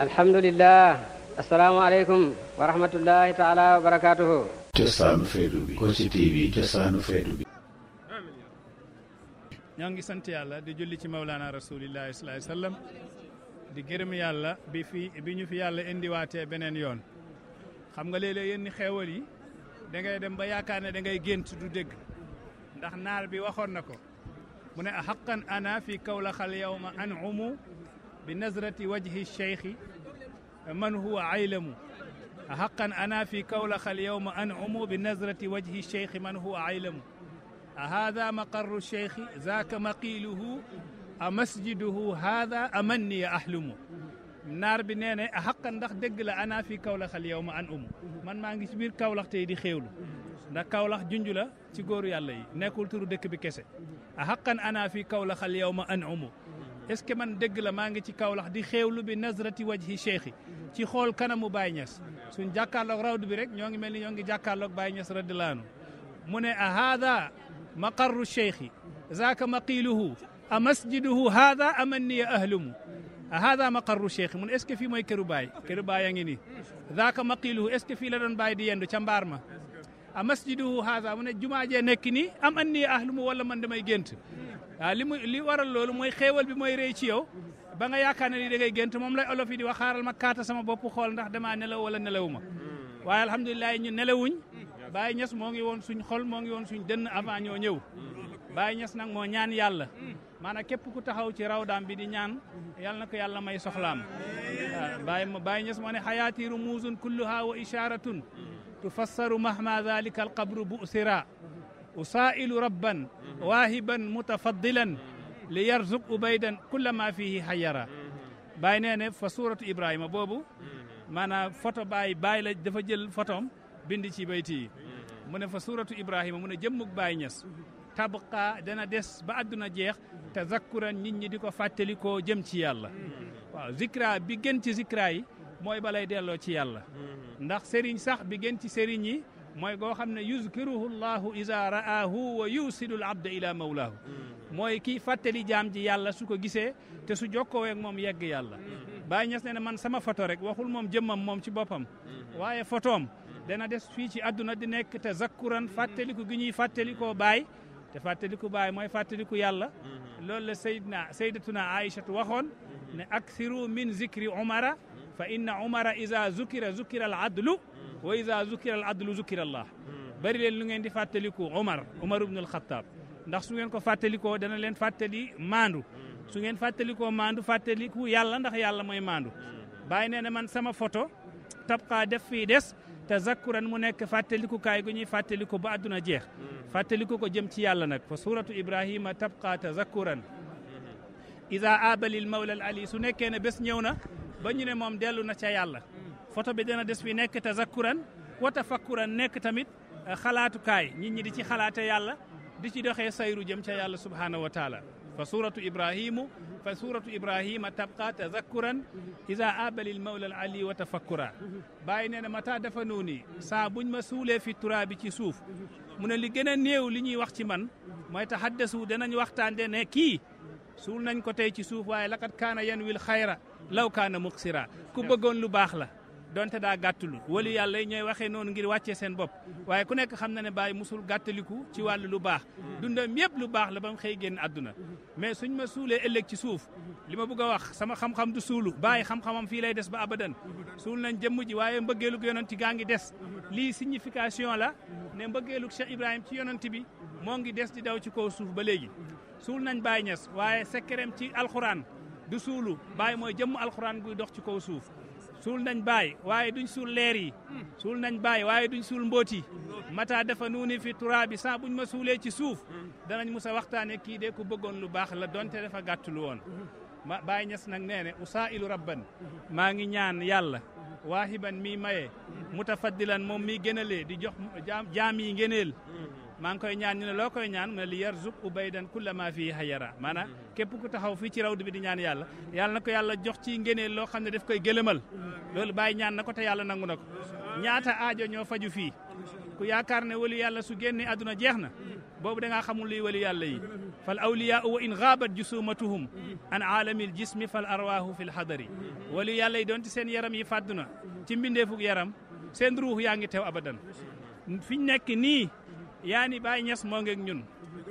alhamdulilah asalaamaaleykum wa rahmatullahi taala wa barakaatuhu cosaanu feetu bi ngi sant yàlla di julli ci mawlaana rasulillahi sallallahu alayhi di gërëm yàlla bi fi bi ñu fi yàlla indiwaatee beneen yoon xam nga léeg-léeg yenn xeewal yi da dem ba yaakaar ne dangay ngay gént du dégg ndax naar bi waxoon na ko mu ne a xaqan ana fi kawlaxal yawma an umu بنظرة وجه الشيخ من هو عيلم حقا أنا في كولخ اليوم أنعم بنظرة وجه الشيخ من هو عيلم هذا مقر الشيخ ذاك مقيله أمسجده هذا أمني أحلم naar bi nee ne xaqan ndax dëgg la ana fi Kaolack al yow ma an umu man maa ngi ci biir Kaolack tey di xéewlu ndax Kaolack junj la ci góoru yàlla yi nekkul turu dëkk bi kese a xaqan ana fi Kaolack al yow ma an umu est-ce que man dëgg la maa ngi ci Kaolack di xéewlu bi nazrati wajhi cheikhi ci xool kanamu baay Niass suñ jàkkaarloog rawdu bi rek ñoo ngi mel ni ñoo ngi jàkkaarloog Baye Niass radilaanu mu ne a haada maqarru cheikhi zaaka maqiluhu a masjiduhu haada amanniya ahlumu a haada maqarru cheikhi mu ne est-ce que fii mooy këru Baye këru Baye a ngi nii zaaka maqiluhu est-ce que fii la doon Baye di yendu ca mbaar ma a masjidu haza mu ne jumaa jee nekk nii am an nii ahlu mu wala man damay gént waaw li mu li waral loolu mooy xéewal bi mooy rëy ci yow ba nga yaakaar ne lii da ngay gént moom lay olof di wax xaaral ma kaata sama bopp xool ndax damaa nelaw wala nelawu ma waaye alhamdulilah ñu nelawuñ Baye Niass moo ngi woon suñ xol moo ngi woon suñ dënn avant ñoo ñëw Baye Niass nag moo ñaan yàlla maanaam képp ku taxaw ci rawdaam bi di ñaan yal na ko yàlla may soxlaam waaw Baye Baye Niass moo ne تفسر مهما ذلك القبر بؤسرا أسائل ربا واهبا متفضلا ليرزق أبيدا كل ما فيه حيرا baay nee ne fa suuratu Ibrahima boobu maanaam foto baay baay la dafa jël photom bind ci bayti mu ne fa suuratu Ibrahima mu ne jëmmug baay ñes tabqa dana des ba àdduna jeex te zakkuran nit ñi di ko fàttalikoo jëm ci yàlla waaw zikra bi gën ci mooy balay delloo ci yàlla ndax sëriñ sax bi gën ci sëriñ yi mooy goo xam ne yuzkiruhu llahu iza raahu wa yusilu l abda ila mawlahu mooy kii fàttali jaam ji yàlla su ko gisee te su jokkoo ak moom yegg yàlla Baay Ñas ne na man sama photo rek waxul moom jëmmam moom ci boppam waaye photoom dana des fii ci àdduna di nekk te zakkuran fàttaliku gi ñuy fàttalikoo baay te fàttaliku baay mooy fàttaliku yàlla loolu la saydna saydatuna aïchatu waxoon ne akthiru min zikri umara فإن عمر إذا ذكر ذكر العدل وإذا ذكر العدل ذكر الله bari leen lu ngeen di fàttaliku Omar Omar ibn al-Khattab ndax su ngeen ko fàttalikoo dana leen fàttali maandu su ngeen fàttalikoo maandu fàttaliku yàlla ndax yàlla mooy maandu bàyyi nee na man sama photo tabqa def fii des te zakkuran mu nekk fàttaliku kaay gu ñuy fàttaliku ba àdduna jeex fàttaliku ko jëm ci yàlla nag fa suratu ibrahima tabqa tazakkuran ida abalil mawla al ali su nekkee ne bés ñëw na ba ñu ne moom dellu na ca yàlla photo bi dana des fi nekk tazakkuran wa tafakkuran nekk tamit xalaatukaay nit ñi di ci xalaate yàlla di ci doxee sayru jëm ca yàlla subhaanahu wa taala fa suratu ibrahimu fa suratu ibrahima tabqa tazakkuran ida abali lmawla al ali wa tafakkura bàyyi nee na mata dafa nuuni saa buñ ma suulee fi turaa bi ci suuf mu ne li gën a néew li ñuy wax ci man mooy tahaddasu danañ waxtaande ne kii suul nañ ko tey ci suuf waaye lakat kaana yan wil xayra law kaana muqsira ku bëggoon lu baax la donte daa gàttulu wala yàlla yi ñooy waxee noonu ngir wàccee seen bopp waaye ku nekk xam na ne Baye musul gàttaliku ci wàllu lu baax dundam yëpp lu baax la ba mu xëy génn àdduna mais suñ ma suulee ëllëg ci suuf li ma bëgg a wax sama xamxam xam du suulu Baye xam-xamam fii lay des ba abadan suul nañ jëmm ji waaye mbëggeelu yonent ci gaa ngi des lii signification la ne mbëggeelug Cheikh Ibrahima ci yonent bi moo ngi des di daw ci kaw suuf ba léegi suul nañ Baye Niass waaye sekkereem ci alxuraan du suulu baay mooy jëmm alxuraan guy dox ci kaw suuf suul nañ baay waaye duñ suul leer yi suul nañ baay waaye duñ suul mbóot yi mata dafa nuuni fi turaabi saa buñ ma suulee ci suuf danañ mus a waxtaane kii de ku bëggoon lu baax la donte dafa gàttulu woon ma Baay Ñas nag nee ne usaa'ilu rabban maa ngi ñaan yàlla waahiban mii maye mutafaddilan moom mii le di jox jaam yi ngëneel maa ngi koy ñaan ñu ne loo koy ñaan mu ne li yarzuq ubaydan kulla ma fii hayara maanaam képp ku taxaw fii ci rawd bi di ñaan yàlla yàlla na ko yàlla jox ci ngeneel loo xam ne daf koy gëlëmal loolu bàyyi ñaan na ko te yàlla nangu na ko ñaata aajo ñoo faju fii ku yaakaar ne wali yàlla su génne aduna jeex na boobu da ngaa xamul luy wali yàlla yi fal awliya wa in gaabat jusumatuhum an aalamil jismi fal arwaahu fi lxadari wali yàlla yi donte ci seen yaram yi fàdduna ci mbindeefuk yaram seen ruux yaa ngi abadan fiñ nekk nii yaani Baay Ñas moo ngeeg ñun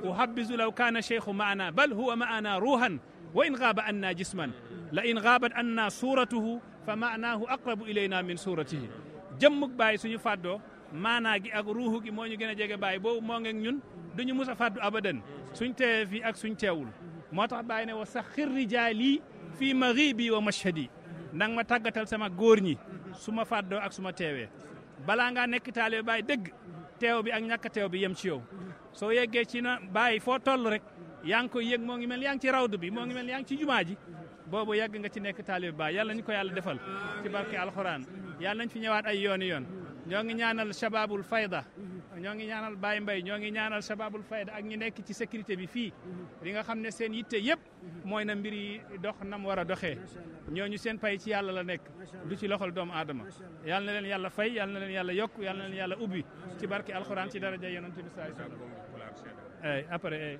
uhabbizu law kaana cheikhu maana bal huwa maana ruuhan wa in gaaba anna jisman la in gaabat anna suuratuhu fa maanaahu aqrabu ilayna min suuratihi jëmmug Baay suñu fàddoo maanaa gi ak ruuhu gi moo ñu gën a jege Baay boobu moo ngeeg ñun duñu mus a fàddu abadan suñ teewee fii ak suñ teewul moo tax Baay ne wa saxir rijaali ma maghibi wa mashhadi nang ma tàggatal sama góor ñi su ma fàddoo ak su ma teewee balaa ngaa nekk taalibe teew bi ak ñàkk teew bi yem ci yow soo yeggee ci na bàyyi foo toll rek yaa ngi koy yëg moo ngi mel yaa ngi ci rawdu bi moo ngi mel yaa ngi ci jumaa ji boobu yàgg nga ci nekk taalibe baay yàlla ñu ko yàlla defal ci barke alxuraan yàlla nañ fi ñëwaat ay yooni yoon ñoo ngi ñaanal shababul fayda ñoo ngi ñaanal baay mbay ñoo ngi ñaanal sabaabul fayda ak ñi nekk ci sécurité bi fii li nga xam ne seen yitte yëpp mooy na mbir yi dox nam war a doxee ñooñu seen pay ci yàlla la nekk du ci loxol doomu aadama yàlla na leen yàlla fay yàlla na leen yàlla yokk yàlla na leen yàlla ubbi ci barki alxuraan ci dara daraja yonent bi saa sallam ay après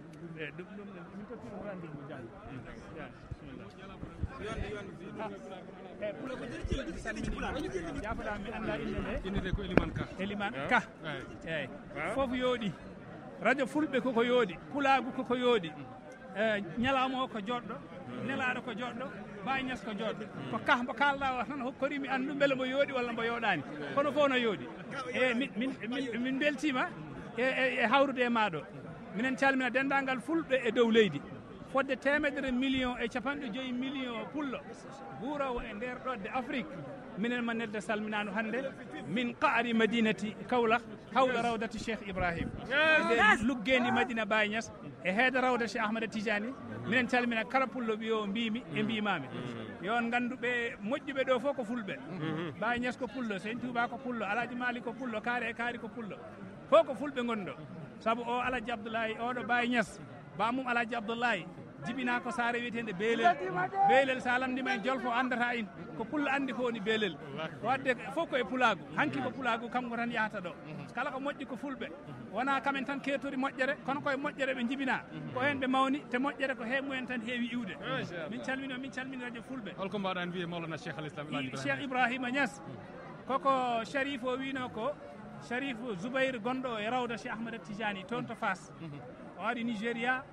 jafaɗami anda innde ko eliman ka eliman ka eyi fof yooɗi radio fulɓe koko yooɗi kulaagu Eh, ñalawma o ko joɗɗo nelaɗo ko joɗɗo bañes ko joɗɗo ko kah mo kalɗa o tan hokkorimi andu beele mo yooɗi walla mbo yoɗani kono fof no yooɗi eyyi eh, min beltima ee e hawrude e maɗo minen calmina dendagal fulɓe e dow leydi fodde temedere million e capanɗe joyi million pullo guurowo e nder ɗodde afrique minen ma nedde salminanu hande min qaari madinati kawlak hawla rawdati cheikh ibrahima luggeendi madina bayñas e heeda rawda che ahmada tijani minen calmina kala pullo ɓiyo mbimi e mbimami yon ganduɓe moƴƴuɓe ɗo fof ko fulɓe bayñas ko pullo sen tuuba ko pullo aladi maali ko pullo kaari e kaari ko pullo fof ko fulɓe gonɗo saabu o aladji abdoulayi oɗo bayñas bamum aladji abdoulayi jibina ko saare wiyetede beelel beelel sa lamdima en jolfo andata in ko pullo andi ko woni beelel wadde fof koye pulago hanki ko pulago kamko tan yahata ɗo kala ko moƴƴi ko fulɓe wona kamen tan keetori moƴƴere kono koye moƴƴere ɓe jibina ko hen ɓe mawni te moƴƴere ko hew mumen tan heewi iwde min calmini o min calmini radio fulɓe holko mbawɗan wiye mawlana cheikh alislam cheikh ibrahima ñas koko sharif o wino ko sharif zoubayr gonɗo e rawda cheikh ahmad tijani toon to fas o ari nigéria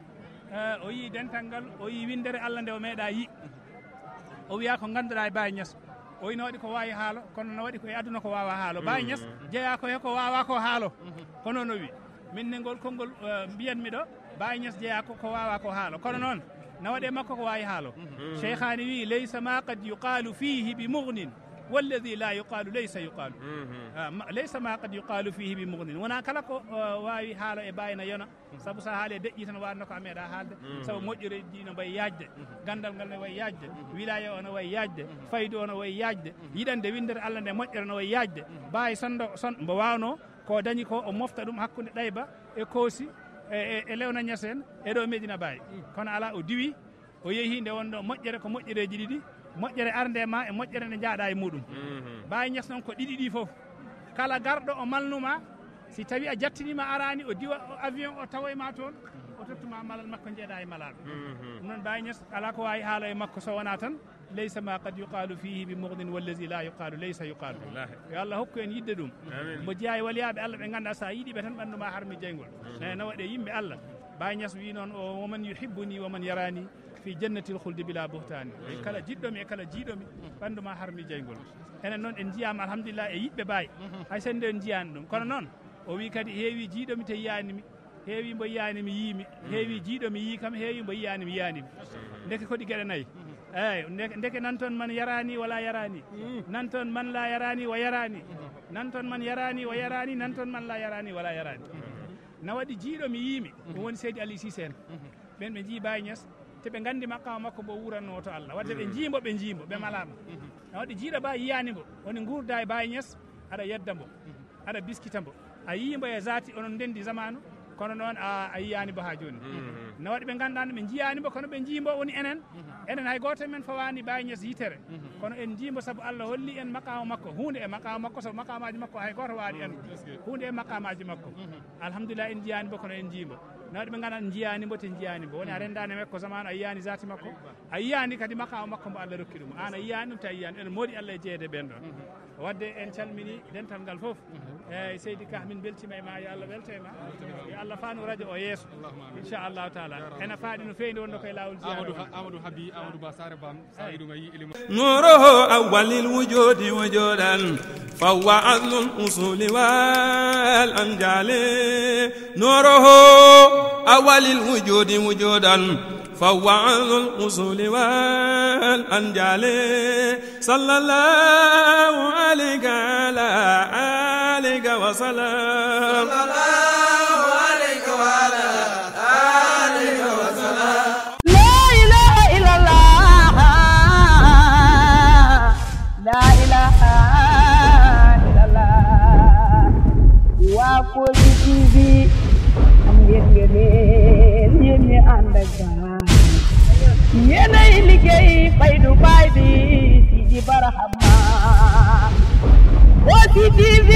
eh, o yi dental ngal o yi windere allah nde o meeɗa yi o wiya ko ganduɗa e bawi ñas o ino waɗi ko wawi haalo kono no waɗi koye aduna ko wawa haalo mm -hmm. bayñes jeeya ko heko wawa ko haalo kono no wi min ne ngol konngol uh, mbiyanmi ɗo bayñes jeeya ko, ko wawa ko haalo kono mm. noon no waɗe makko ko wawi haalo cheikh mm -hmm. ani wi leysa ma kad yuqalu fihi bi mugnin mm -hmm. والذي لا يقال ليس يقال آه، ليس ما قد يقال فيه بمغن ونا كلكو آه، واي حالو اي باينا ينا سابو سحالي دجيتن وارنكو اميدا حالد سو موجر دينا باي ياجد غاندال غال واي ياجد ولايا انا واي ياجد فايدو انا واي ياجد يدان دي ويندر الله دي موجر انا ياجد باي سند سن بواونو كو داني كو او موفتا دايبا اي كوسي e lewna ñasen e ɗo medina baye kono ala o diwi o yeehi nde wonno moƴƴere ko moƴƴereji ɗiɗi moƴƴere arde ma e moƴƴere nde jaaɗa e muɗum mhm. mbawi ñas noon ko ɗiɗi ɗi foof kala garɗo o malnuma si tawi a jattinima arani o diwa o avion o tawa e ma toon o tottuma malal makko jeeɗa e malaɗo mhm. ɗum noon mbawi ñas ala ko wawi haala e makko so wona tan laysa ma qad yuqalu fihi bi mugdin wallasi la yuqalu laysa yuqalu yo allah hokku en yidde ɗum mo jeeya e waliyaɓe allah ɓe ganduɗa sa yiɗiɓe tan ɓannduma harmi jeygol nayi mhm. nawaɗe yimɓe allah mbawi ñas wi noon o woman yuhibbuni woman yarani fi jannatil khuldi bila bohtani e kala jiɗɗomi e kala jiiɗomi ɓanndu ma harmi jeygol enen noon en jiyama alhamdulillah e yiɓɓe mbaay hay sen nde en jiyani ɗum kono noon o wi kadi heewi jiiɗomi te yiyanimi heewi mbo yiyanimi yiimi heewi jiiɗomi yii kam heewi mbo yiyanimi yiyanimi ndeke koɗi gueɗe nayyi eyi ndeke nan toon man yarani wala yarani nan toon man la yarani wa yarani nan toon man yarani wa yarani nan toon man la yarani wala yarani na waɗi jiiɗomi yiimi ɗum woni seydi aliy sise en ɓen ɓe jii baye ñes te ɓe nganndi makkama makko mbo wuratnoo to allah wadde ɓe njiimbo ɓe njiimbo ɓe malama na waɗi jiiɗa ba yiyani mbo woni gurda e baye ñes aɗa yedda mbo aɗa biskita mbo a yiimbo e zati onon ndendi zamanu kono noon a a yiyani mbo ha joni na waɗi ɓe ganduɗano ɓe jiyani mbo kono ɓe jiimbo woni enen enen hay goto men fawani baye ñes yitere kono en jiimbo saabu allah holli en makkama makko hunde e makkama makko saabu makkamaji makko hay goto waɗi en hunde e makkamaji makko alhamdulillah en jiyani mbo kono en jiimbo naɗo ɓe gandani jiyani mbo jiyani mbo woni hmm. a rendani makko zaman a yiyani zati makko a yiyani kadi o makko mbo allah rokki ɗum an a yiyani ɗum ta yiyani ene moodi allah e jeeyede ɓen ɗon hmm. wadde en calmini dental ngal foof hmm. eyyi seydi ka min beltima e ma yo allah welta e ma yo allah faano radio o yesso inchallahu taala ene faaɗi no feewni wonno koye lawol amadou habi amadou ba sare bam sa iɗum a yii nuruhu awalil wujudi wujudan فهو عدل الأصول والأنجال نوره أول الوجود وجودا فهو عدل الأصول والأنجال صلى الله عليك على آله عليك وسلام صلى الله عليك وعلى آلك وسلام لا إله إلا الله لا إله إلا الله وقل جيبي yéen yéen ñi ànd ak baay yéenay liggéey faydu baay bi si di baraxama OTV